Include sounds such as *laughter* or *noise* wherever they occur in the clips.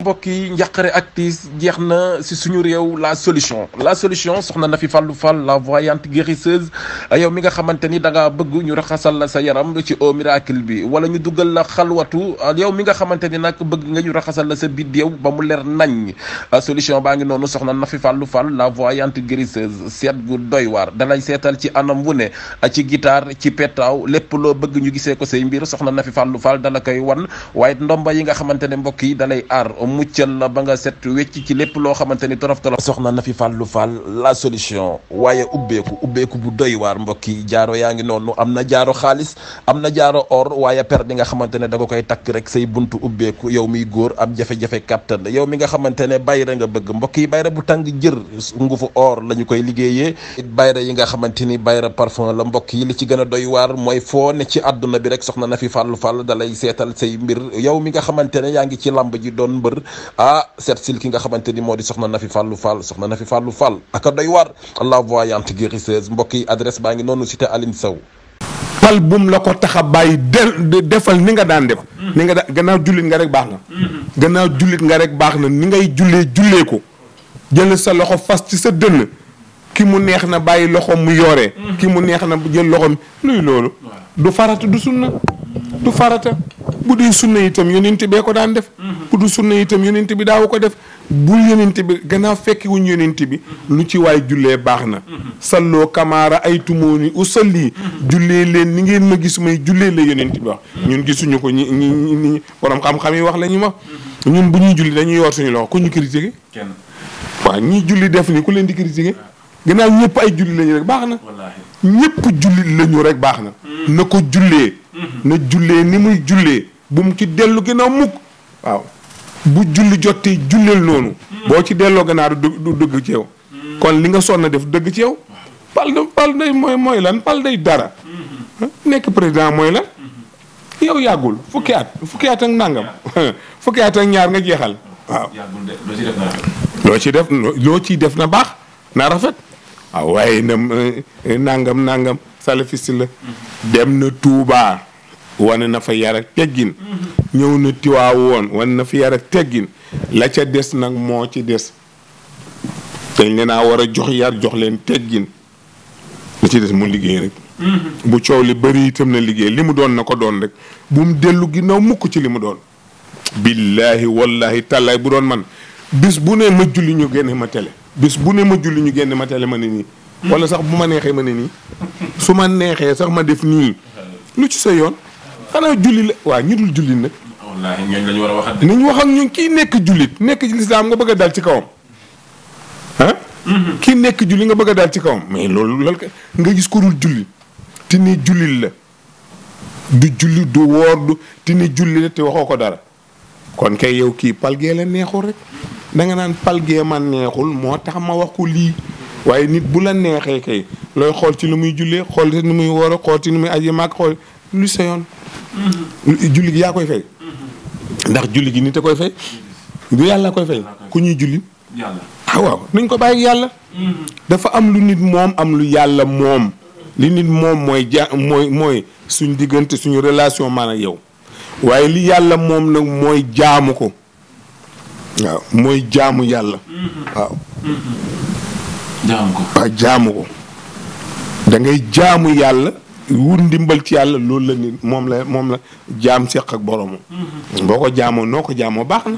mbokk yi njàqare ak tiis jeex na si suñu réew la solution la solution soxna na fi fàllu fàll la voyante guérisseuse yow mi nga xamante ni da ngaa bëgg ñu raxasal la sa yaram ci au miracle bi wala ñu dugal la xalwatu yow mi nga xamante ni nag bëgg nga ñu raxasal la sa biddeew ba mu leer nañ solution baa ngi noonu soxna na fi fàllu fàll la voyante guérisseuse seet gu doy waar dalay seetal ci anam wu ne ci guitare ci petaaw lépp loo bëgg ñu gisee ko say mbir soxna na fi fàllu koy wan waaye ndomba yi nga xamante ne mbokk yi dalay muccal la ba nga set wecc ci lépp loo xamante ni torof torof soxna na fi fàllu fàll la solution waaye ubbeeku ubbeeku bu doy waar mbokk yi jaaro yaa ngi noonu am na jaaro xaalis am na jaaro or waaye per bi nga xamante ne da nga koy takk rek say buntu ubbeeku yow miy góor am jafe-jafe kàttan yow mi nga xamante ne bayra nga bëgg mbokk yi bayra bu tàng jër ngufu or la koy liggéeyee it yi nga xamante ni bayra parfum la mbokk yi li ci gën a doy mooy foo ne bi rek soxna na fi fàllu fàll dalay seetal say mbir yow mi nga xamante ne yaa ah seet sil ki nga xamante ni moo di soxna Nafi Fallou Fall soxna Nafi Fallou Fall aka doy a la voyante guérisseuse mbokk yi adresse baa ngi noonu cité Aline Sow pal bum la ko tax a bàyyi de defal ni nga daan def mm-hmm. ni nga daan gannaaw jullit nga rek baax na mm-hmm. gannaaw jullit nga rek baax na ni ngay jullee jullee ko jël sa loxo fas ci sa dënn ki mu neex na bàyyi loxoom mu yoore mm-hmm. ki mu neex na jël loxoom luy loolu. du farata du sunna du farata bu dee sunna itam yonent bee ko daan def. Mm-hmm. bu du sunna itam yonent bi daawu ko def. bu yonent bi gannaaw fekki bi mm-hmm. lu ci waay jullee baax na salloo kamaara ay tumooni usalli jullee leen ni ngeen ma gis may jullee la yonent bi wax ñun gisuñu ko ñi ñi borom xam-xam yi wax la ñuy wax ñun bu ñuy julli dañuy yor suñu loxo ku ñu critiqué waaw ñi julli def ni ku leen di critiqué gannaaw ñépp ay julli lañu rek baax na. ñëpp julli lañu rek baax na. Hmm. na ko jullee. Hmm. na jullee ni muy jullee bu mu ci dellu gannaaw mukk waaw bu julli jottee julleel noonu. Hmm. boo ci delloo gannaaw du du dëgg ci yow. kon li nga sonn def dëgg ci yow. pal de mooy mooy lan pal day dara. nekk président mooy lan. yow yàggul fukki at fukki at ak nangam *laughs* fukki at ak ñaar nga jeexal. loo ci def loo ciy def na baax na rafet. waaw ah, waaye na eh, nangam nangam salafiste la dem na Touba wane na fa yar ak teggin ñëw na Tiwaawoon wane na fa yar ak teggin la ca des nag moo ci des dañ leen naa war a jox yar jox leen teggin la ci des mu liggéey rek bu coow li bari itam na liggéey li mu doon na ko doon rek bu mu dellu ginnaaw mukk ci li mu doon billaahi wallaahi tàllaay bu doon man bis bu ne ma julli ñu génne ma tele bis bu ne ma julli ñu génn ma tele ma ne nii wala sax bu ma neexee ma ne nii su ma neexee sax ma def nii lu ci sa yoon xanaa julli la waa ñu dul julli nag wallaahi ñooñu war a waxat nañ wax ak ñun kii nekk jullit nekk ci lislaam nga bëgg a dal ci kawam ah mm-hmm. kii nekk julli nga bëgg a dal ci kawam mais loolu loolu nga gis ko dul julli te ne jullit la du julli du woor du te ne julli la te waxoo ko dara kon kay yow kii palgee la neexul rek danga nga naan palgee man neexul moo tax ma wax ko lii waaye nit bu la neexee kay looy xool ci lu muy jullee xool ci nu muy woor xool ci nu muy aji mag xool lu sa mm-hmm. julli gi yaa koy fay mm-hmm. ndax julli gi nit a koy fay du yàlla koy fay ku ñuy julli ah ko bàyyi yàlla mm-hmm. dafa am lu nit moom am lu yàlla moom li nit moom mooy ja mooy mooy suñ diggante suñu relation ma ak yow waaye li yàlla moom nag mooy jaamu ko waaw mooy jaamu yàlla waaw jaamu ko waaw jaamu yàlla wut ndimbal ci yàlla loolu la ni moom la moom la jaam seq ak boromam. Mm-hmm. boo ko jaamoo noo ko jaamoo baax na.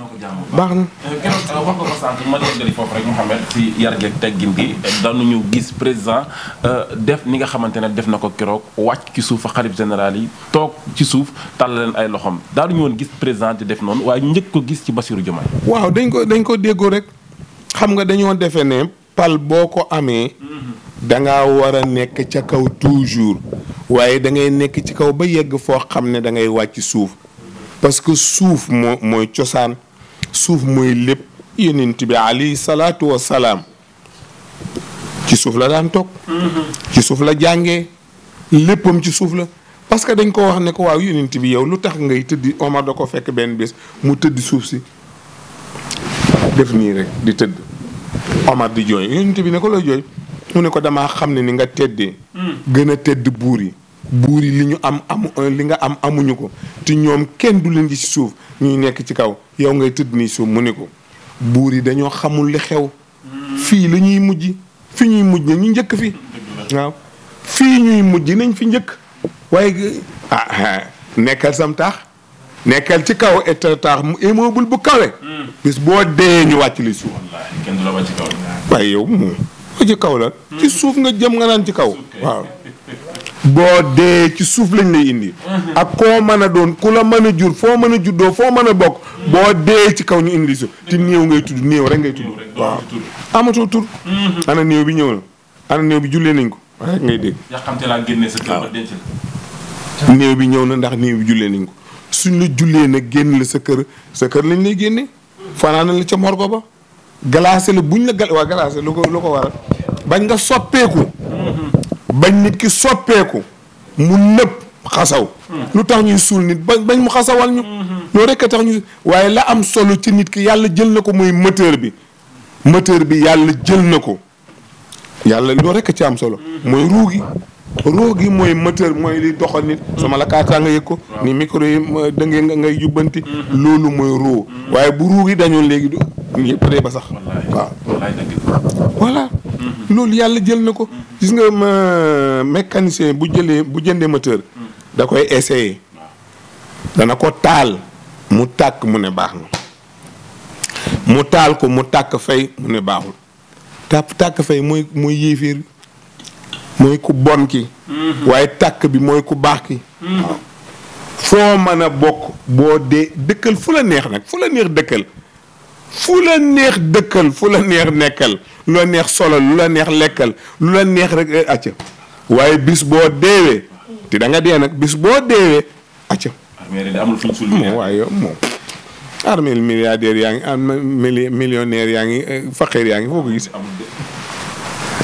baax na. Euh, keroog euh, wax nga ko sànq ma yeggali foofu rek gi teggin gi danuñu gis président euh, def ni nga xamante ne def na ko keroog wàcc ci suuf xalif général yi toog ci suuf tàll leen ay loxoom daanuñu woon gis président di def noonu waaye njëkk ko gis ci Bassirou Diomaye. waaw dañ ko dañ ko déggoo rek xam nga ne pal boo ko amee. Mm-hmm. da ngaa war a nekk ca kaw toujours. waaye da ngay nekk ci kaw ba yegg foo xam ne da ngay wàcc suuf parce que suuf moo mooy cosaan suuf mooy lépp yonent bi alayhi salaatu wa salaam ci suuf la daan toog mm-hmm. ci suuf la jàngee léppam ci suuf la parce que dañ koo wax ne ko waaw yonent bi yow lu tax ngay tëddi Omar da ko fekk benn bis mu tëdd suuf si def nii rek di tëdd Omar di jooy yonent bi ne ko looy jooy mu ne ko dama xam ne ni nga teddee. Hmm. gën a tëdd buur yi. buur yi li am amu euh, nga am amuñu ko te ñoom kenn du leen gi ci suuf ñuy nekk ci kaw yow ngay tëdd ni suuf mu ne ko buur yi dañoo xamul li xew. Hmm. fii la mujj fi ñuy mujj ñu njëkk fi. fii mujj nañ fi njëkk. waaye ah, ah nekkal sam taax nekkal ci kaw et taax mu bu kawe. Hmm. bis boo dee ñu wàcc li suuf. waaye yow moom. ko ci kaw la ci suuf nga jëm nga naan ci kaw waaw boo dee ci suuf lañ lay indi ak koo mën a doon ku la mën a jur foo mën a juddoo foo mën a bokk boo dee ci kaw ñu indi suuf te néew ngay tudd néew rek ngay tudd waaw amatoo tur mhm. ana néew bi ñëw na bi jullee nañ ko rek bi ñëw na ndax néew bi jullee nañ ko suñ la jullee nag génn la sa kër sa kër lañ lay génne fanaana la ca morgo ba glacé la buñ la gal waa lu ko lu ko waral bañ nga soppeeku bañ nit ki soppeeku mu nëpp xasaw lu tax ñuy suul nit ba bañ mu xasawal ñu loolu rekk tax ñu waaye la am solo ci nit ki yàlla jël na ko muy moteur bi moteur bi yàlla jël na ko yàlla loolu rekk a ci am solo mooy ruu gi mooy moteur mooy li doxal nit sama la kaakaa nga yëg ko ni micro yi da ngay jubbanti loolu mooy ruu waaye bu ruu gi léegi ñëpp réeba sax waaw mm-hmm. loolu yàlla jël na ko gis nga ma mécanicien bu jëlee bu jëndee moteur mm-hmm. da koy essayer dana ko taal mu tàkk mu ne baax na mu taal ko mu tàkk fay mu ne baaxul tàpp tàkk fay muy muy yéeféer muy ku bon ki mm-hmm. waaye tàkk bi mooy ku baax ki foo mën a bokk boo dee dëkkal fu la neex nag fu la neex dëkkal fu la neex dëkkal fu la neex nekkal lu la neex solal lu la neex lekkal lu la neex rek eh, acca waaye bis boo deewee te da dee nag bis boo deewee acca amul moom armeel milliardaire yaa ngi am millionnaire yaa ngi eh, faqir yaa ngi foo ko gis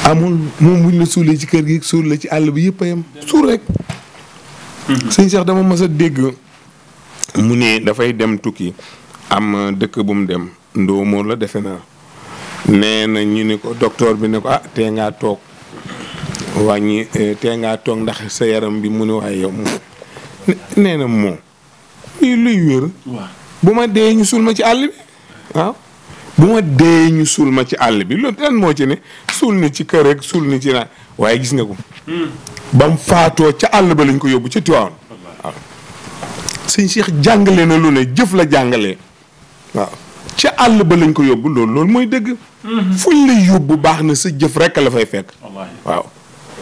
amul moom buñ suulee ci kër gi suul la ci àll bi yëpp a yem suul rek mhm. sëñ Cheikh dama mës dégg mu ne dafay dem tukki am dëkk bu mu dem ndóomoo la defe na na na ñu ni ko docteur bi ne ko ah tee ngaa toog wàññi eh, tee toog ndax sa yaram bi mu ne waaye yow nee na moom lii luy wér bu ma dee ñu suul ma ci àll bi waaw bu ma dee ñu suul ma ci àll bi moo ci ne suul ni ci kër rek suul ni ci naa waaye gis nga ko hmm. ba faatoo ca àll ba lañ ko yóbbu ca Tiwaawan waaw sëñ jàngale na lu ne jëf la jàngalee waaw ca àll ba lañ ko yóbbu loolu loolu mooy dëgg. Mhm. fuñ la yóbbu baax na sa jëf rek la fay fekk. waaw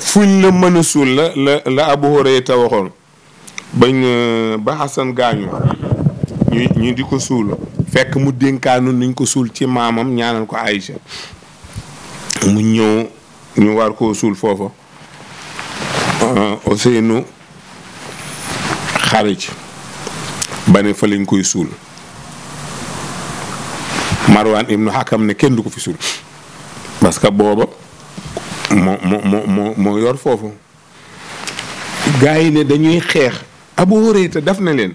fuñ la mën a suul la la la Abu Hurayra waxoon bañ euh, ba Xasan gaañu ñu ñu di ko suul fekk mu dénkaanu niñ ko suul ci maamam ñaanal ko Aïcha mu ñëw ñu war koo suul foofa ah, Ousseynou xarit ba ne fa lañ koy suul. marwaan Marwan ibnu Hakam ne kenn du ko fi suul parce que booba moo moo moo moo yor foofu gars yi ne dañuy xeex Abu Hurayra daf na leen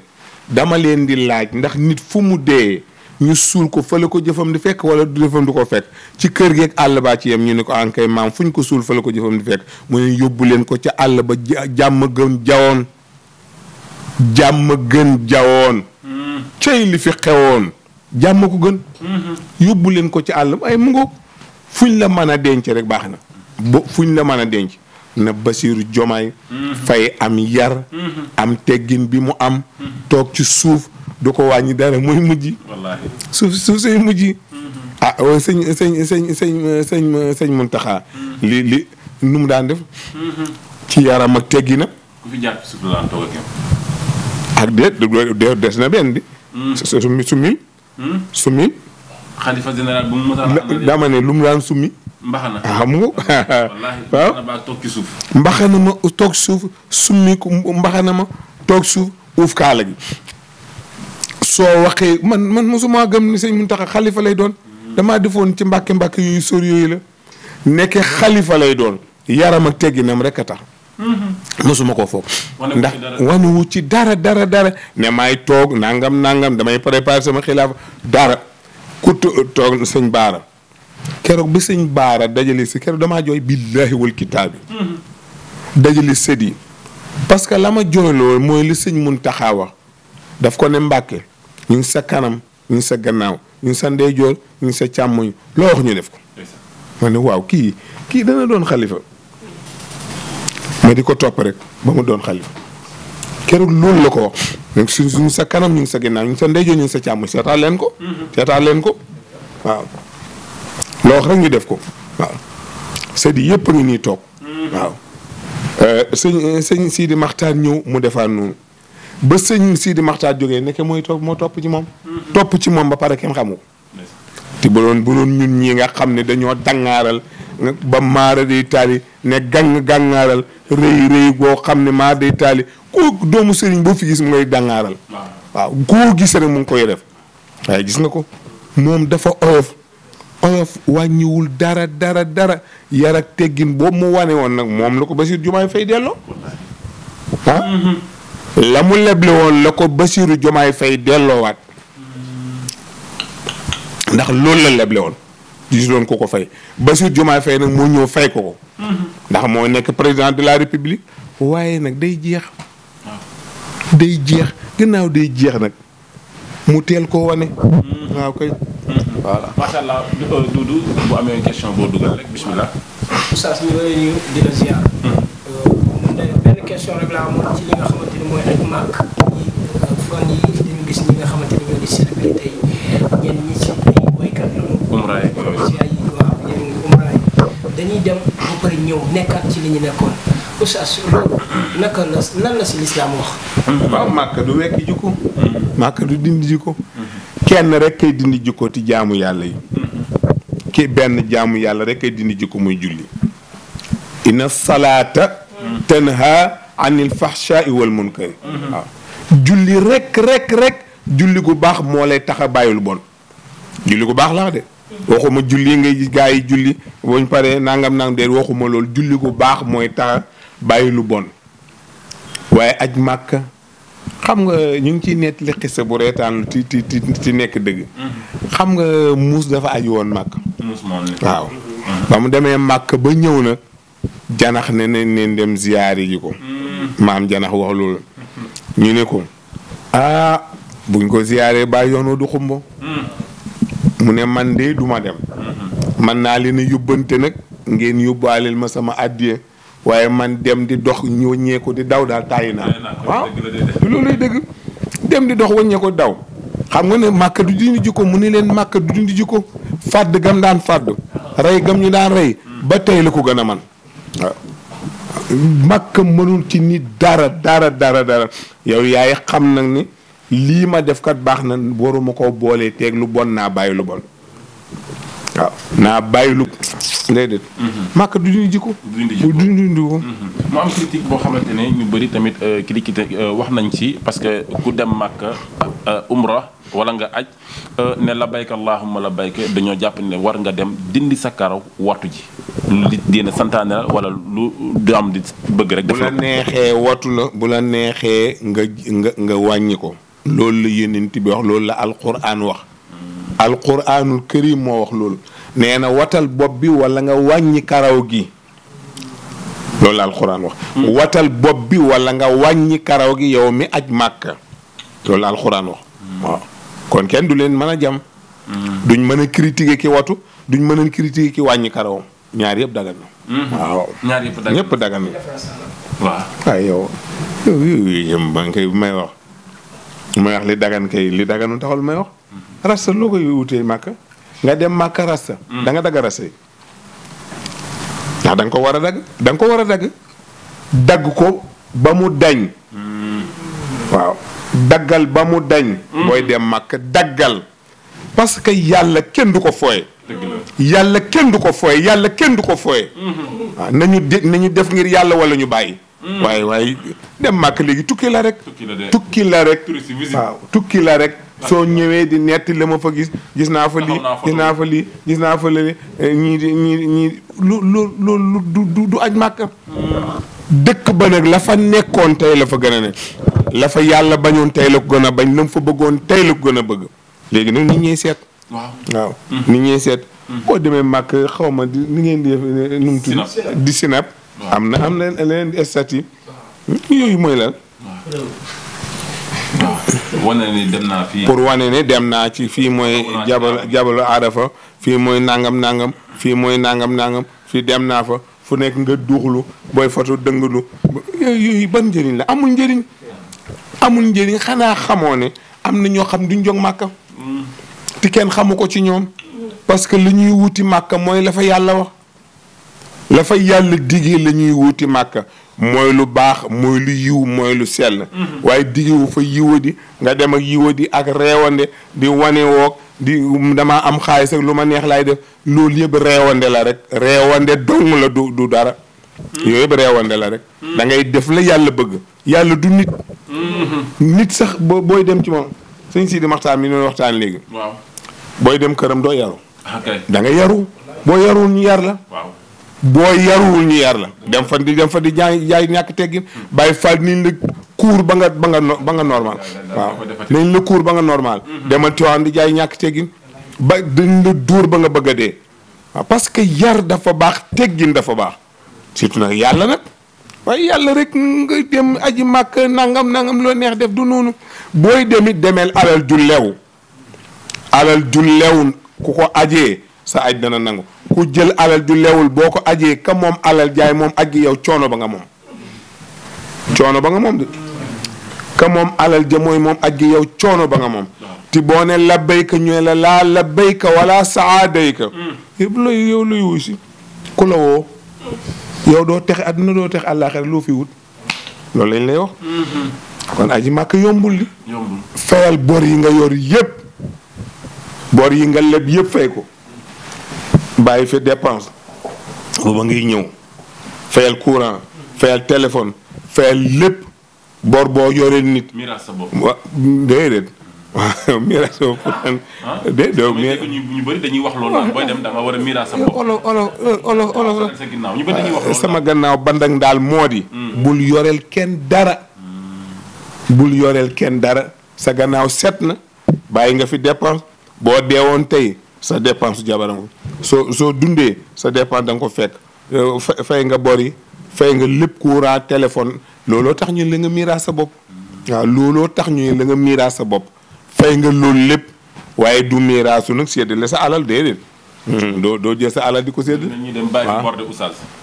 dama leen di laaj ndax nit fu mu dee ñu suul ko fële ko jëfam di fekk wala du jëfam du ko fekk ci kër geeg àll baa ci yem ñu ne ko ankay maam fu ñu ko suul fële ko jëfam di fekk mu ne yóbbu leen ko ca àll ba jàmm gën jawoon jàmm gën jawoon hmm. cey li fi xewoon jàmm ko gën. Mhm. yóbbu leen ko ci àll ay mu fuñ la mën a denc rek baax na. bo la mën a denc. na Basiiru Jomaay. Mhm. Fay am yar. Mhm. am bi mu am. toog ci suuf du ko wàññi dara mooy mujj. wallaahi suuf suuf say mujj. ah oh, sëñ sëñ sëñ sëñ sëñ li li nu mu daan def. ci yaram ak tegginam. ak yow. ak déet des na benn bi. su su Hmm? summi. xalifa général bu mu dama ne lu daan summi. mbaxana ah, *laughs* ci suuf. mbaxana ma toog suuf summi ko mbaxana ma toog suuf uuf kaala gi soo waxee man man ma mosuma gëm ni sëñ tax xalifa lay doon. damaa defoon ci mbàkk mbàkk yooyu sor yooyu la. nekkee xalifa lay doon. yaram ak tegginam rekk a tax. Mm-hmm. mosuma koo foog. ndax wanuwu ci dara dara dara ne maay toog nangam nangam damay préparer sama xilaafa dara ku toog sëñ baara keroog bi sëñ baara dajale si keroog damaa jooy billaahi wal kitaabi mm-hmm. dajale sët parce que lama ma jooyloo mooy li sëñ mun wax daf ko ne mbàkke ñu ngi sa kanam ñu sa gannaaw ñu ngi sa ndeyjoor ñu sa càmmoñ loo wax ñu def ko ma waaw kii kii dana doon xalifa mais di ko topp rek ba mu doon xalifa keroog loolu la ko wax donc su sa kanam ñu ngi sa ginnaaw ñu ngi sa ndeyjo ñu sa càmm seetaan leen ko. leen ko waaw. loo rek ñu def ko waaw sëdi yëpp a ngi nii toog. waaw eh, sëñ sëñ Sidi Maxtaar ñëw mu defaat noonu ba sëñ Sidi Maxtaar jógee nekk mooy moo topp ci moom. topp ci moom ba pare kenn xamu ko. bu doon ñun ñii nga xam ne dañoo dangaaral ba maara di taali ne gàng gàngaaral rëy rëy goo xam ne maa day taali koo doomu sëriñ boo fi gis mu ngay gàngaaral waaw koo gis mu ngi koy def waaye gis nga ko moom dafa oyof oyof wàññiwul dara dara dara yar ak teggin boobu mu wane woon nag moom la ko Bassirou Diomaye fay delloo ah la ko Bassirou Diomaye Faye delloowaat ndax loolu la leble woon gisuloon ko ko fay Bassirou Diomaye Faye nag moo ñëw fay ko ko. ndax moo nekk président de la république. waaye nag day jeex. day jeex gannaaw day jeex nag mu teel ko wane. waaw kay. voilà hmm. euh, laa amoon nga xamante mooy ak màgg fan yi dañu gis ñi nga xamante ni ñoo di célébrité yi dañuy dem ba pare ñëw nekkaat ci li ñu nekkoon oustaz loolu naka la lan la si lislaam wax. Mm-hmm. waaw du wekki jikko. Mm-hmm. màkk du dindi jikko. Mm-hmm. kenn rek kay dindi jikko ti jaamu yàlla yi. ki benn jaamu yàlla rek kay dindi jikko muy julli. inna salaata. tanha anil fahshaai wal munkari. waaw julli rek rek julli gu baax moo lay tax a bàyyil bon. julli gu baax laa de. waxuma julli ngay gaa yi julli buñ paree nangam nangam déet waxuma lool julli gu baax mooy tax bàyyilu lu bon waaye aj màkka xam nga ñu ngi ciy nett li xisa bu reetaan ti ti ti nekk dëgg xam nga muus dafa aj woon màkk waaw mm-hmm. ba mu demee màkk ba ñëw nag janax ne neen neen dem ziyaari ji ko mm-hmm. maam janax wax loolu ñu ne ko ah buñ ko ziyaaree ba yoon wa du xumbo mm-hmm. mu ne man de duma dem mhm. man naa leen a yóbbante nag ngeen yóbbaaleel ma sama àddiya waaye man dem di dox ñëwee ko di daw daal tàyyi naa waaw looluy dëgg dem di dox waññee ko daw xam nga ne màkk du dindi jikko mu ne leen màkk du dindi jikko fàdd gam daan fàdd rey gam ñu daan rey mhm. ba tey la ko gën a man waaw màkk mënul ci nit dara dara dara dara yow yaay xam nag ni lii ma def kat baax na waruma koo boolee teeg lu bon naa bàyyi lu bon waaw naa bàyyi lu. déedéet. Mhm. màkk du dindi jikko. du dindi jikko du dindi jikko. Mhm. mu am critique boo xamante ne ñu bëri tamit euh, critique euh, wax nañ ci parce que ku dem màkk euh, umra wala nga aj ne labayka allahumma labayka dañoo jàpp ne war nga dem dindi sa karaw wattu ji. li dina santaane la wala lu du am di bëgg rek. def bu la neexee wattu la bu la neexee nga nga nga wàññi ko. loolu la yonent bi wax loolu la alquran wax alquranul karim moo wax loolu nee na watal bopp bi walla nga wàññi karaw gi loolu la alquran wax watal bopp bi wala nga wàññi karaw gi yow mi aj màkka loolu la alquran wax kon kenn du leen mën a jam duñ mën a critiquer ki watu duñ mën a critiquer ki wàññi karawam ñaar yëpp dagan na waaw ñaar yëpp dagan na waaw may wax li dagan kay li daganu taxul may wax. rasta loo koy wutee màkk nga dem màkk rasta. Mm. da dagg rasta yi ndax da ko war a dagg danga nga ko war a dagg dagg ko ba mu dañ. Mm. waaw daggal ba mu dañ. Mm. booy dem màkk daggal. parce que yàlla kenn du ko fooye. yàlla kenn du ko fooye yàlla kenn du ko fooye. waaw nañu def ngir yàlla walla ñu bàyyi. waaye hmm. waaye dem màkk léegi tukki la rek. tukki la rek waaw tukki la rek. soo ñëwee di netti la ma fa gis gis naa fa lii gis naa fa lii gis naa fa lii eh, ñii di ñii ñii lu lu lu du du aj màkk. Hmm. dëkk ba nag la fa nekkoon tey la fa gën a ne la fa yàlla bañoon tey la ko gën a bañ la fa bëggoon tey la ko a bëgg léegi nag nit ñiy seet. waaw waaw hmm. nit ñiy seet. boo demee màkk xaw ma di ni ngeen di def eh, nu mu tudd di sinap am na am na leneen statut yooyu mooy lan. wane ni dem naa fii. pour wane ne dem naa ci fii mooy. jabal jabalu aada fii mooy nangam nangam fii mooy nangam nangam fii dem naa fa fu nekk nga duuxlu booy foto dënglu yooyu ban njëriñ la amul njëriñ. amul njëriñ xanaa xamoo ne am na ñoo xam duñ jóg màkka mm. te kenn xamu ko ci ñoom. parce que li wuti màkka mooy la fa yàlla wax. la fa yàlla digee la ñuy wuti màkk mooy lu baax mooy lu yiw mooy lu sell mm-hmm. waaye digewu fa yiwa di nga dem ak yiwa di ak reewande di wane woog di damaa am xaalis ak lu ma neex laay def loolu yëpp reewande la rek reewande dong la du du dara mm-hmm. yooyu yëpp reewande la rek mm-hmm. da ngay def la yàlla bëgg yàlla du nit nit sax boo booy dem ci moom sëñ si di waxtaan mi noonu waxtaan léegi waaw booy dem këram doo yaru ah, da nga yaru boo yarul ñu yar la boo yaruwul yar la dem fa di dem fa di jaay jaay ñàkk teggin bàyyi fal niñ la kuur ba nga ba nga ba nga normal waaw nañ ba nga normal demal tiwaan di jaay ñàkk teggin ba dañ la ba nga bëgg a dee waaw parce que yar dafa baax teggin dafa baax surtout nag yàlla nag waaye yàlla rek nga dem aji màkk nangam nangam loo neex def du noonu booy demit demeel alal ju lew alal ju ku ko ajee sa aj dana nangu ku jël alal ju lewul boo ko ajee ka moom alal jaay moom aj gi yow coono ba nga moom coono ba nga moom ka moom alal ja mooy moom aj yow coono ba nga moom ti boo ne labbayka ñu ne la laa labbayka wala saadayka yëpp lay yow lay wuy ku la woo doo tex àdduna doo tex àllaaxira loo fi wut loolu lañ lay wax kon aji màkk yombul li fayal bor yi nga yor yëpp bor yi nga leb yëpp fay ko bàyyi fi dépense booba ngi ñëw fayal courant fayal téléphone fayal lépp bor boo yoree nit. miraas sa bopp wa déedéet waaw *laughs* miraas sa bopp ah? ah, de de ñu bëri dañuy wax loolu booy dem da nga war a miraas sa bopp olo olo olo olo ñu bëri dañuy wax loolu sama gannaaw bandak daal moo di. Hmm. bul yoreel kenn dara. Hmm. bul yoreel kenn dara sa gannaaw set na bàyyi nga fi dépense boo deewoon tey. sa dépense jabaram soo soo dundee sa dépense da nga ko fekk euh, fay nga bori fay nga lépp courant téléphone looloo tax ñu la nga miiraa sa bopp waaw tax ñu la nga miiraa sa bopp fay nga loolu lépp waaye du miiraa su nag séddale sa alal déedéet hmm. doo doo jël sa alal di ko séddale ñu dem bàyyi ah. borde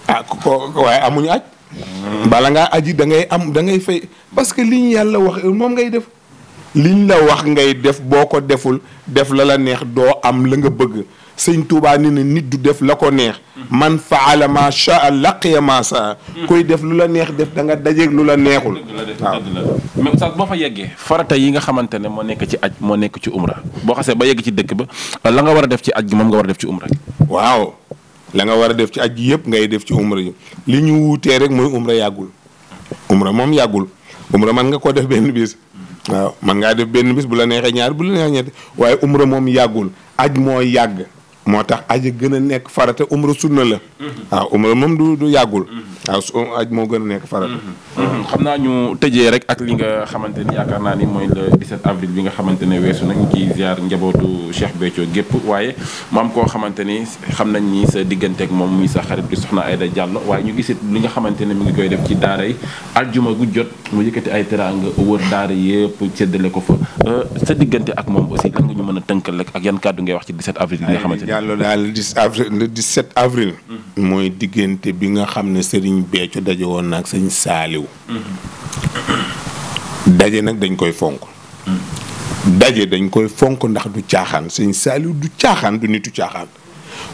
ah, ko waaye amuñu aj hmm. bala ngaa aji da ngay am da ngay fay parce que li ñu yàlla wax moom ngay def liñ la wax ngay def boo ko deful def la la neex doo am la nga bëgg sëñ Tuubaa ni na nit du def la ko neex man faala ma shaa laqiya ma saa koy def lu la neex def da nga dajeeg lu la neexul waaw mais sax boo fa yeggee farata yi nga xamante ne moo nekk ci aj moo nekk ci umra boo xasee ba yegg ci dëkk ba la nga war a def ci aj gi moom nga war a def ci umra waaw la nga war a def ci aj gi yëpp ngay def ci umra yi li ñu wuutee rek mooy umra yàggul umra moom yàggul umra man nga ko def benn bis waaw man ngaa def benn bis bu la neexee ñaar bu la neexee ñett waaye umra moom yàggul aj mooy yàgg moo tax aji gën a nekk farata umra sunna la waaw umra moom du du yàggul waaw su aj moo gën a nekk farata xam naa ñu tëjee rek ak li nga xamante ni yaakaar naa ni mooy le 17 avril bi nga xamante ne weesu nag ñu ciy ziar njabootu Cheikh Béthio gépp waaye mu koo xamante ni xam nañ ni sa digganteeg moom muy sa xarit bi soxna Aïda jàll waaye ñu gisit li nga xamante ne mi ngi koy def ci daara yi aljuma gu jot mu yëkkati ay teraanga wër daara yëpp séddale ko fa euh, sa diggante ak moom aussi lan ñu mën a tënkal rek ak yan kàddu ngay jàll daal le dix avril mm-hmm. mooy diggante bi nga xam ne sëriñ Béthio daje woon nag ak sëñ Saaliw. Mm-hmm. daje nag dañ koy fonk. Mm-hmm. daje dañ koy fonk ndax du caaxaan sëñ Saaliw du caaxaan du nitu caaxaan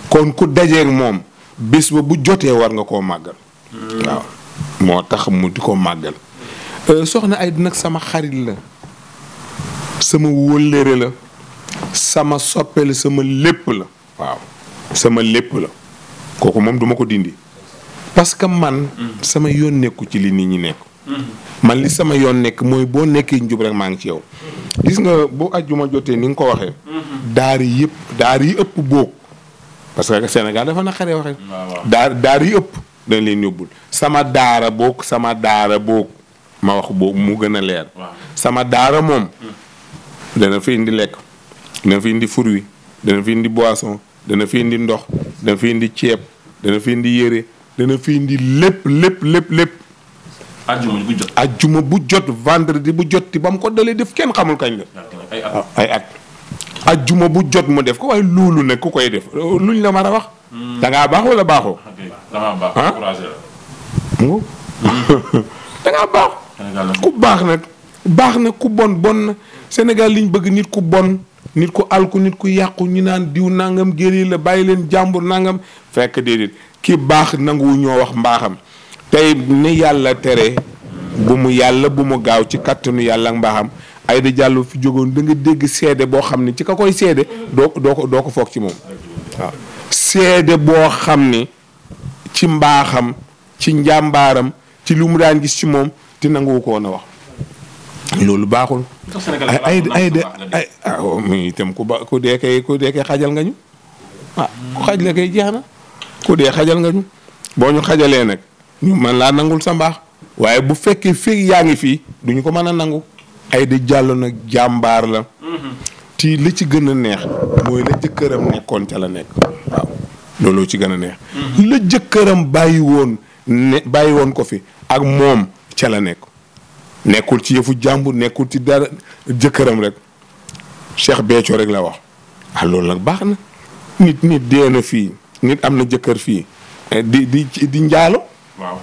kon ku dajeeg moom bés ba bu jotee war nga koo màggal. waaw moo tax mu di ko màggal. Euh, soxna ay nag sama xarit la sama wóllëre la sama soppe la sama lépp la waaw sama lépp la kooku moom duma ko dindi parce que man mm-hmm. sama yoon nekku ci li nit ñi nekk mm-hmm. man li sama yoon nekk mooy boo nekkee njub rek maa ngi ci yow gis nga bu ma jotee ni nga ko waxee mm-hmm. daar yi yëpp daar yi ëpp boog parce que senegal dafa naqaree waxee daar daar yi ëpp dañ leen yóbbul sama daara boog sama daara boog ma wax boog mu gën a leer sama daara moom mm. dana fi indi lekk dana fi indi fur dana fi indi boisson dana fi indi ndox dana fi indi ceeb dana fi indi yére dana fi indi lépp lépp lépp lépp. ajjuma bu jot ajjuma bu jot vendredi bu jot ti ba mu ko dalee def kenn xamul kañ la. ay at ajjuma ah, bu jot mu def ko waaye loolu nag ku koy def luñ la mën a wax. Hmm. da ngaa baax wala baaxoo. da baax ah? hmm. *laughs* da baax. ku baax nag. baax na ku bon bon na Sénégal liñ bëgg nit ku bon. nit ku alku nit ku yàqu ñu naan diw nangam géri la bàyyi leen jàmbur nangam fekk déedéet ki baax nanguwu ñoo wax mbaaxam tey ni yàlla tere bu mu yàlla bu mu gaaw ci kattanu yàlla mbaaxam Aida jàll fi jógoon da dégg seede boo xam ne ci ka koy seede doo ko doo ko doo foog ci moom waaw seede boo xam ne ci mbaaxam ci njàmbaaram ci lu mu daan gis ci moom te nanguwu ko a wax loolu baaxul ay ay de ay ah oh, muy itam ku dee kay ku dee kay xajal nga ñu ah ku xaj la kay jeex na ku dee xajal nga ñu boo ñu xajalee nag ñu mën laa nangul sa mbaax waaye bu fekkee fii yaa ngi fii duñu ko mën a nangu ay di jàll nag jàmbaar la tii li ci gën a neex mooy la jëkkëram nekkoon ca la nekk looloo ci gën a neex mm-hmm. la jëkkëram bàyyi woon ne bàyyi woon ko fi ak moom ca la nekk nekkul ci yëfu jàmbur nekkul ci dara jëkkëram rek Cheikh Béthio rek la wax ah loolu nag baax na nit nit dee na fii nit am na jëkkër fii eh, di di njaalo waaw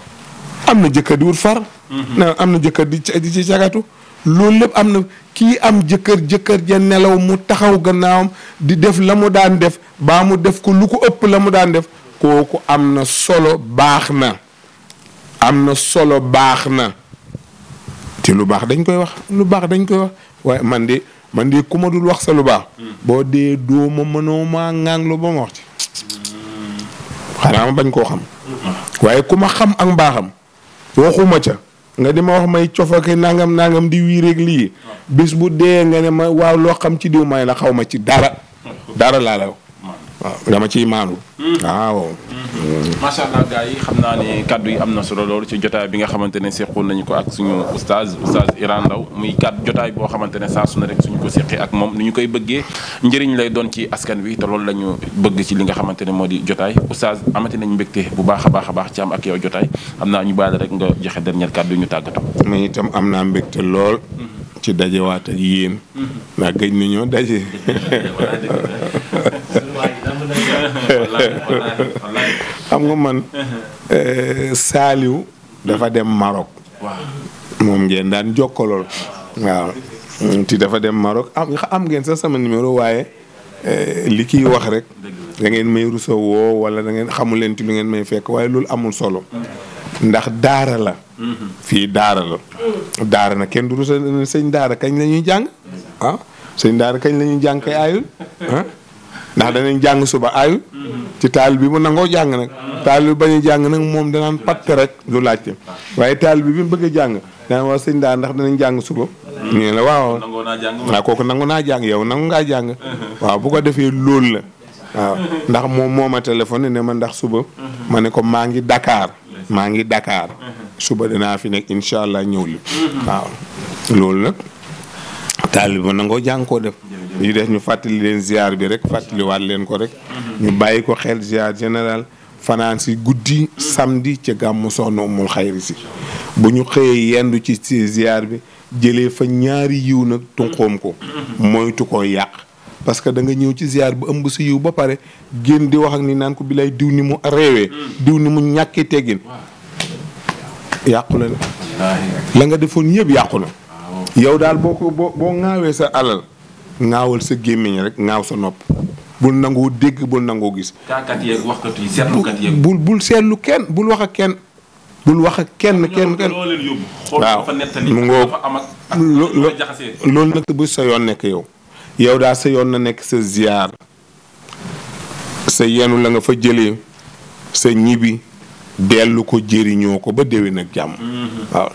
am na jëkkër di wut far mhm. na am na jëkkër di di ci cagatu loolu lépp am na kii am jëkkër jëkkër ja nelaw mu taxaw gannaawam di def la mu daan def baa mu def ko lu ko ëpp la mu daan def kooku am na solo baax na am na solo baax na te lu baax dañ koy wax lu baax dañ koy wax waaye man de man de ku ma dul wax sa lu baax. Hmm. boo dee doo ma mënoo maa lu ba ma wax ci. xanaa ma bañ koo xam. Hmm. waaye ku ma xam ak mbaaxam waxuma ca nga di ma wax may cofake nangam nangam di wii rek lii hmm. bis bu dee nga ne ma waaw loo xam ci diw may la xaw ma ci dara. dara laa la wax waaw dama ciy maandu. waaw. macha allah yi xam naa ne kaddu yi am na solo loolu ci jotaay bi nga xamante ne seqoon nañu ko ak suñu oustaz oustaz Iran Ndao muy kaddu jotaay boo xamante ne saa su ne rek suñu ko seqee ak moom ni ñu koy bëggee njëriñ lay doon ci askan wi te loolu lañu bëgg ci li nga xamante ne moo di jotaay oustaz amati nañu mbégte bu baax a baax a baax ci am ak yow jotaay xam naa ñu baal rek nga joxe dernier kaddu yu ñu tàggatoo. mais itam am naa mbégte lool. ci dajewaat ak yéen. ndax gëj nañoo daje. xam nga man. Eh, Saliou dafa dem Maroc. moom ngeen daan jokkalool. waaw ti dafa dem Maroc am ngeen sa sama numéro waaye eh, li kiy wax rek. da ngeen may rusa wala da ngeen xamu leen ci lu ngeen may fekk waaye loolu amul solo. Mm. ndax daara la. fii daara la. Mm. daara na kenn du rus sëñ daara kañ lañuy ñuy jàng. ah sëñ daara kañ la ñuy jàng ah, ndax danañ jàng suba aayul. Mm-hmm. ci taal bi mu nangoo jàng nag. Ah. taal bi bañ jàng nag moom danaan patte rek lu laajte waaye taal bi bi mu jàng daan wax sëñ daara ndax danañ jàng suba. ñu ne la waaw waaw kooku nangu naa jàng yow nangu ngaa jàng. waaw bu ko defee lool la. ndax moom moo ma téléphone ne ma ndax suba. Mm-hmm. ma ne ko maa ngi Dakar. maa ngi Dakar. Mm-hmm. suba naa fi nekk incha allah ñëw li waaw loolu nag taalib ma nangoo jàng koo def ñu def ñu fàttali leen ziar bi rek fàttaliwaat leen ko rek mhm. ñu bàyyi ko xel ziar général fanaan si guddi mhm. samedi ca gàmmu soxna umul xayri si bu ñu xëyee yendu ci ziar bi jëlee fa ñaari yiw nag tunqoom ko mhm. moytu ko yàq parce que danga ñëw ci ziar bu ëmb si yiw ba pare génn di wax ak ni naan ko bilay diw ni mu réewee diw ni mu ñàkkee teggin yàqu na la nga defoon yëpp yàqu na yow daal boo ko boo boo ŋaawee sa alal ŋaawal sa gémmiñ rek ŋaaw sa nopp bul nangoo dégg bul nangoo gis. taakat yeeg waxkat yi seetlukat yeeg bul seetlu kenn bul wax ak kenn. bul wax ak kenn kenn kenn waaw mu ngoo loolu nag sa yoon nekk yow yow daal sa yoon na nekk sa ziyaar sa yenu la nga fa jëlee sa ñibbi dellu ko jëriñoo ko ba déwén ak jàmm. Mm-hmm. waaw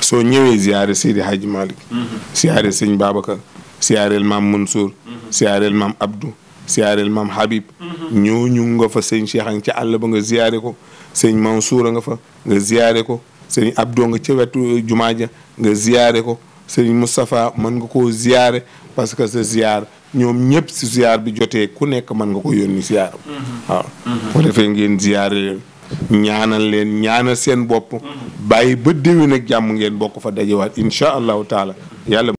soo ñëwee ziare Seydi Hadji Malick. Mm-hmm. ziare sëñ Babacar. ziareel maam Mansour. Mm-hmm. ziareel maam Abdou. ziareel maam Habib. ñooñu nga fa sëñ Cheikh nga ca àll ba nga ziare ko sëñ Mansour a nga fa nga ziare ko sëñ Abdou nga ca wetu euh, jumaa nga ziare ko sëñ Moustapha mën nga ko ziare parce que sa ziar. ñoom ñëpp si bi jotee ku nekk mën nga ko yónni ziar. waaw bu defee ñaanal leen ñaanal seen bopp mm-hmm. bàyyi ba déwén ak jàmm ngeen bokk fa dajewaat incha allahu taala yàlla